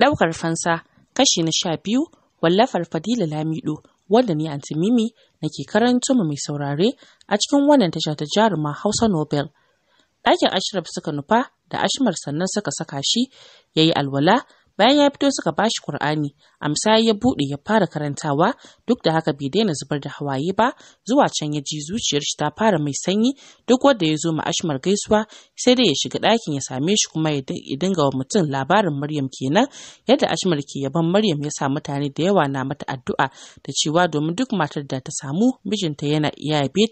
ɗaukar fansa kashi na sha biyu wallafar fadila lamido wanda ni anti mimi nake karanto mai saurare a cikin wannan tasha ta jaruma hausa nobel ɗakin ashraf suka nufa da ashmar sannan suka saka shi ya yi alwala bayan ya fito suka bashi Kur'ani amsa ya bude ya fara karantawa duk da haka bai daina zubar da hawaye ba zuwa can ya ji zuciyar shi ta fara mai sanyi duk wanda ya zo ma Ashmar gaisuwa sai dai ya shiga ɗakin ya same shi kuma ya dinga wa mutum labarin Maryam kenan yadda Ashmar ke yaban Maryam ya sa mutane da yawa na mata addu'a da cewa domin duk matar da ta samu mijinta yana iya yabe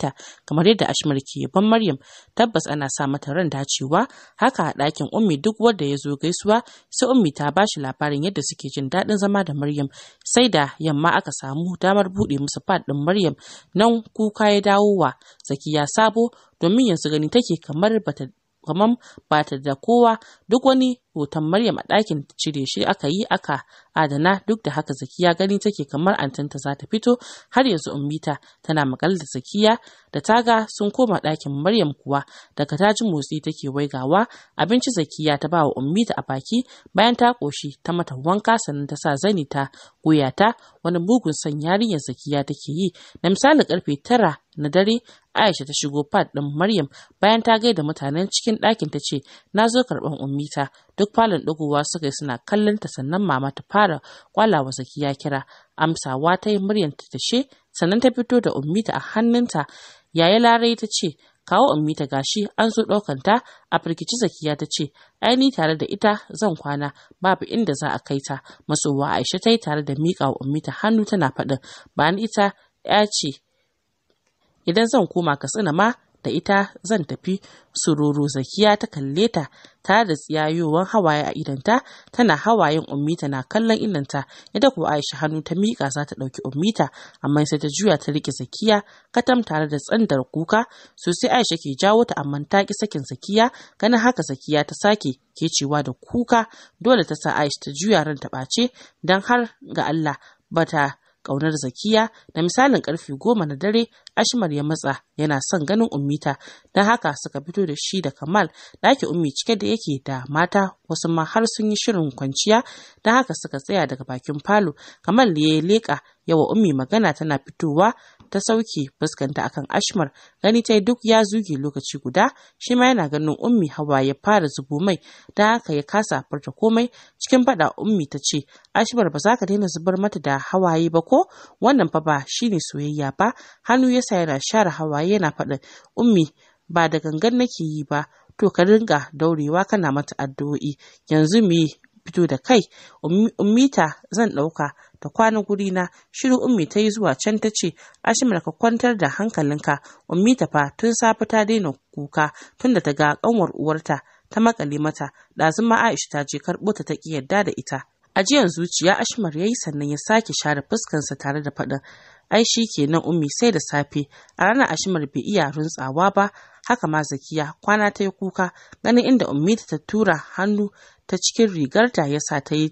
kamar yadda Ashmar ke yaban Maryam tabbas ana sa mata ran dacewa haka a ɗakin Ummi duk wanda ya zo gaisuwa sai Ummi ta bashi shi labarin yadda suke jin daɗin zama da Maryam sai da yamma aka samu damar buɗe musu fad ɗin Maryam nan kuka ya dawo wa Zakiya Sabo domin yanzu gani take kamar bata kamar ba ta da kowa duk wani hoton Maryam a ɗakin cire shi aka yi aka adana duk da haka Zakiya gani take kamar antanta za ta fito har yanzu Ummita tana makal da Zakiya da taga sun koma ɗakin Maryam kuwa daga ta ji motsi take waigawa abinci Zakiya ta ba wa Ummita a baki bayan ta ƙoshi ta mata wanka sannan ta sa zani ta goya ta wani mugun san yarinyar Zakiya take yi na misali karfe tara na dare aisha ta shigo pad ɗin maryam bayan ta gaida mutanen cikin ɗakin ta ce na zo karɓan ummita duk falon ɗagowa suka yi suna kallon ta sannan mama ta fara kwalawa zakiya kira amsawa ta yi Maryam ta tashe sannan ta fito da ummita a hannunta Yayi larai ta ce kawo ummita gashi an zo ɗaukan ta a firkici zakiya ta ce aini tare da ita zan kwana babu inda za a kai ta masowa aisha ta yi tare da miƙa wa ummita hannu tana faɗin bayan ita ya ce idan zan koma katsina ma da ita zan tafi sururu zakiya ta kalle ta tare da tsiyayowar hawaye a idanta tana hawayen ummita na kallon idanta ita kuwa aisha hannu ta miƙa za ta ɗauki ummita amma sai ta juya ta riƙe zakiya katam tare da tsandar kuka sosai aisha ke jawo ta amma ta ƙi sakin zakiya ganin haka zakiya ta sake kecewa da kuka dole ta sa aisha ta juya ran ta ɓace don har ga allah bata ƙaunar zakiya da misalin karfe goma na dare ashmar ya matsa yana son ganin ummita don haka suka fito da shi da kamal ɗaki ummi cike da yake da mata wasu ma har sun yi shirin kwanciya don haka suka tsaya daga bakin falo kamal ya leƙa yawa ummi magana tana fitowa ta sauke fuskanta akan ashmar gani ta duk ya zuge lokaci guda shi ma yana ganin ummi hawa ya fara zubo mai da haka ya kasa furta komai cikin faɗa ummi ta ce ashmar ba za ka daina zubar mata da hawaye ba ko wannan fa ba shine soyayya ba hannu yasa yana share hawaye yana faɗa ummi ba da gangan nake yi ba to ka dinga daurewa kana mata addu'o'i yanzu me fito da kai Ummi ta zan ɗauka Da kwana guri na shiru ummi ta yi zuwa can ta ce ashimar ka kwantar da hankalinka ummi ta fa tun safe ta daina kuka tunda ta ga kanwar uwarta ta makale mata ɗazun ma aisha ta je karɓo ta ta ki yadda da ita Ajiyan zuciya ashimar ya yi sannan ya sake share fuskansa tare da faɗin ai shi kenan ummi sai da safe a ranar ashimar bai iya runtsawa ba haka ma zakiya kwana ta yi kuka ganin inda ummi ta tura hannu ta cikin rigarta ya sa ta yi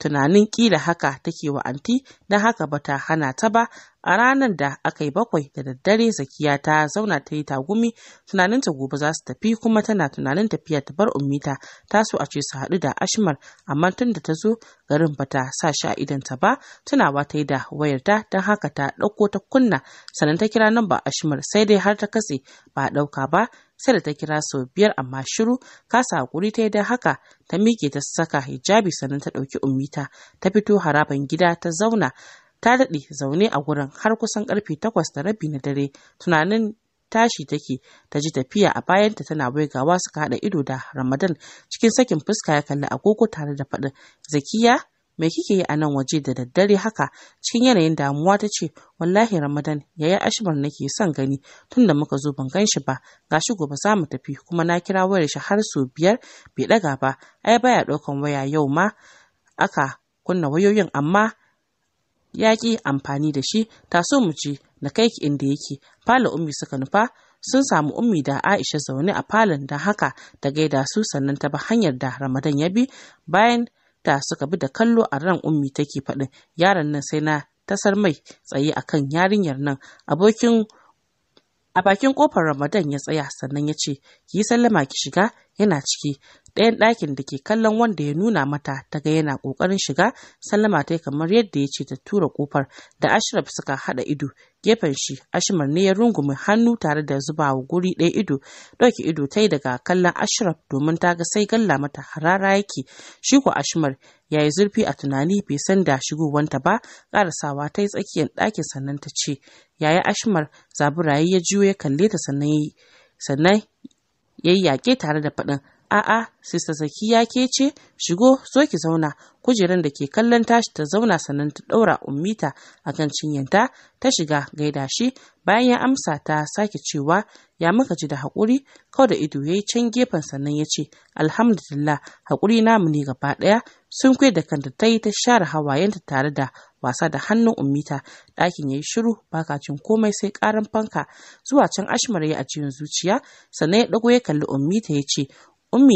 tunanin kila haka take wa anti don haka bata hana ta ba a ranar da aka yi bakwai da daddare zakiya ta zauna ta yi tagumi tunanin ta gobe za su tafi kuma tana tunanin tafiya ta bar umita ta so a ce su haɗu da ashmar amma tun da ta zo garin bata sa shi a idan ta ba tunawa ta yi da wayarta don haka ta ɗauko ta kunna sannan ta kira nan ba ashmar sai dai har ta katse ba a ɗauka ba sai da ta kira sau biyar amma shiru kasa hakuri ta yi da haka ta miƙe ta saka hijabi sannan ta ɗauki ummita ta fito haraban gida ta zauna ta daɗe zaune a gurin har kusan ƙarfe takwas da rabi na dare tunanin tashi take ta ji tafiya a bayanta tana waigawa suka haɗa ido da ramadan cikin sakin fuska ya kalli agogo tare da faɗin zakiya me kike yi a nan waje da daddare haka cikin yanayin damuwa ta ce wallahi ramadan yaya ashmar nake son gani tun da muka zo ban gan shi ba Ga shi gobe za mu tafi kuma na kira wayar shi har sau biyar bai ɗaga ba ai baya ɗaukan waya yau ma aka kunna wayoyin amma ya ƙi amfani da shi ta so mu je na kai ki inda yake fala ummi suka nufa sun samu ummi da aisha zaune a falon da haka ta gaida su sannan ta bi hanyar da ramadan ya bi bayan ta suka bi da kallo a ran ummi take faɗin yaron nan sai na tasar mai tsaye akan yarinyar nan abokin a bakin kofar ramadan ya tsaya sannan ya ce ki yi sallama ki shiga yana ciki ɗayan ɗakin da ke kallon wanda ya nuna mata ta ga yana ƙoƙarin shiga sallama ta kamar yadda ya ce ta tura kofar da ashraf suka haɗa ido gefen shi ashmar ne ya rungume hannu tare da zuba wa guri ɗaya ido ɗauki ido ta yi daga kallon ashraf domin ta ga sai galla mata harara yake shi ko ashimar ya zurfi a tunani bai san da shigowanta ba karasawa ta yi tsakiyar ɗakin sannan ta ce yaya ashmar zaburayi ya juyo ya kalle ta sannan sannan ya yi yaƙe tare da faɗin a'a sista zakiya ke ce shigo so ki zauna kujeran da ke kallon tashi ta zauna sannan ta ɗaura ummita kan cinyanta ta shiga gaida shi bayan ya amsa ta sake cewa ya maka ji da haƙuri kau da ido ya yi can gefen sannan ya ce alhamdulillah haƙuri namu ne gaba ɗaya sun kwe da kanta ta yi ta share hawayenta tare da wasa da hannun ummita ɗakin ya yi shiru baka cin komai sai ƙaran fanka zuwa can ashmar ya ajiyar zuciya sannan ya ɗago ya kalli ummita ya ce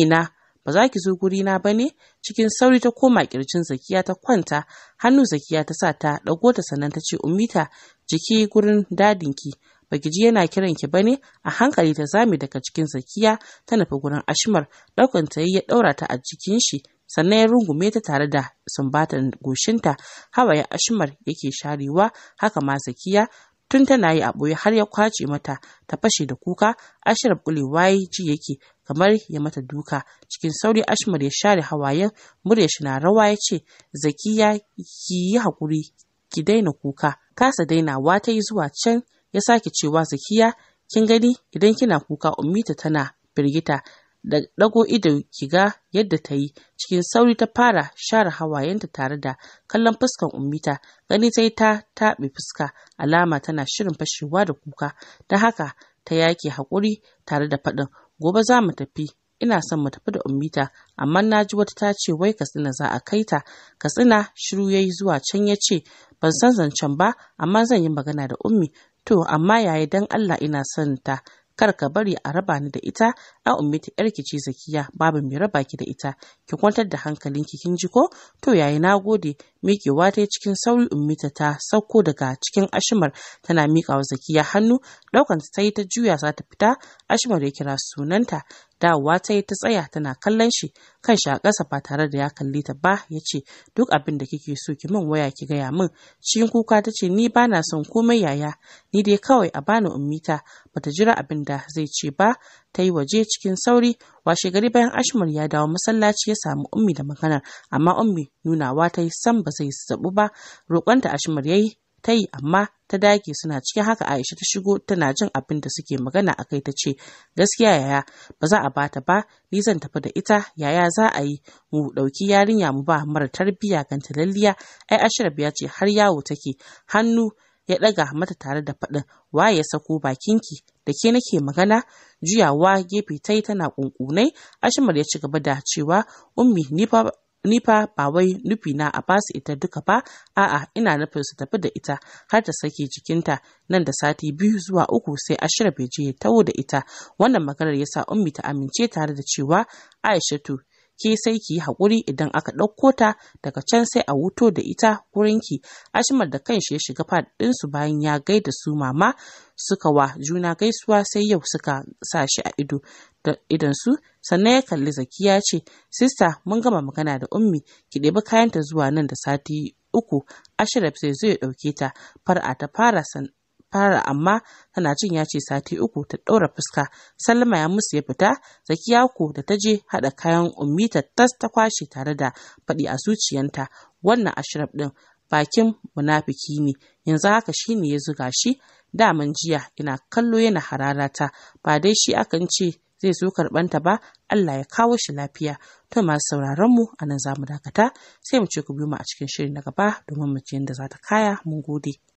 na ba za ki zo gurina ba ne? Cikin sauri ta koma kirjin Zakiya ta kwanta, hannu Zakiya ta sa ta dago ta sannan ta ce ta jiki gurin dadinki. ki ji yana kiran ki bane a hankali ta zame daga cikin Zakiya ta nufi gurin Ashmar, ɗaukan ta ya ɗaura ta a jikin shi, sannan ya rungume ta tare da sumbatan goshinta hawaye ashmar yake sharewa haka ma zakiya tun tana yi a ɓoye har ya kwace mata ta fashe da kuka ashirar kulewa ji yake kamar ya mata duka cikin sauri ashmar ya share hawayen murya shi na rawa ya ce zakiya ki yi hakuri ki daina kuka kasa dainawa ta yi zuwa can ya sake cewa zakiya kin gani idan kina kuka ummita tana firgita da dago ido ki ga yadda ta yi cikin sauri ta fara share hawayenta tare da kallon fuskan ummita gani ta ta taɓe fuska alama tana shirin fashewa da kuka ta haka ta yake haƙuri tare da faɗin Gobe za mu tafi, ina son mu tafi da Ummita amma na ji wata ta ce wai Katsina za a kai ta. Katsina shiru ya yi zuwa can ya ce, ban san zancen ba amma zan yi magana da Ummi. To amma yaya dan Allah ina son ta. Kar ka bari a raba ni da ita, a Ummita yarki ce zakiya, babu mai raba ki da ita. Ki kwantar da hankalinki kin ji ko? To yaya na gode, mikewa ta cikin sauri ummita ta sauko daga cikin ashimar tana mika wa zakiya hannu ɗaukanta ta yi ta juya za ta fita ashimar ya kira sunanta dawowa ta yi ta tsaya tana kallon shi kan shi a ƙasa ba tare da ya kalli ta ba ya ce duk abin da kike so ki min waya ki gaya min cikin kuka ta ce ni bana son komai yaya ni dai kawai a bani ummita bata jira abin da zai ce ba ta yi waje cikin sauri washe gari bayan ashmur ya dawo masallaci ya samu ummi da maganar amma ummi nunawa ta yi san ba zai zabu ba roƙonta ashmur ya yi ta yi amma ta dage suna cikin haka aisha ta shigo tana jin abin da suke magana akai kai ta ce gaskiya yaya ba za a bata ba ni zan tafi da ita yaya za a yi mu ɗauki yarinya mu ba mara tarbiyya kan talalliya ai ashraf ya ce har yawo take hannu ya ɗaga mata tare da faɗin waye ya sako bakinki da ke nake magana juyawa gefe ta yi tana kunkunai ashimar ya ci gaba da cewa ummi nifa ba wai nufi na a basu ita duka ba a'a ina nufin su tafi da ita har ta sake jikinta nan da sati biyu zuwa uku sai ashira bai je ya taho da ita wannan maganar ya sa, ummi ta amince tare da cewa aishatu ki sai ki yi haƙuri idan aka ɗauko ta daga can sai a wuto da ita ki Ashimar da kanshi ya shiga ɗinsu bayan ya gaida su mama suka wa juna gaisuwa sai yau suka sa shi a ido da su sannan ya kalli zaki ya ce sista mun gama magana da ummi ki ɗebi kayanta zuwa nan da sati uku ashirar sai zai ya ɗauke ta far'a ta fara san fara amma tana jin ya ce sati uku ta ɗaura fuska salma ya musu ya fita zakiya ko da ta je haɗa kayan ummi ta tas ta kwashe tare da faɗi a zuciyanta wannan ashirab ɗin bakin munafiki ne yanzu haka shi ne ya zuga shi daman jiya ina kallo yana hararata ba dai shi akan ce zai zo karɓanta ba Allah ya kawo shi lafiya to masu sauraron mu a nan za mu dakata sai mu ce ku biyu mu a cikin shirin na gaba domin mu ji yadda za ta kaya mun gode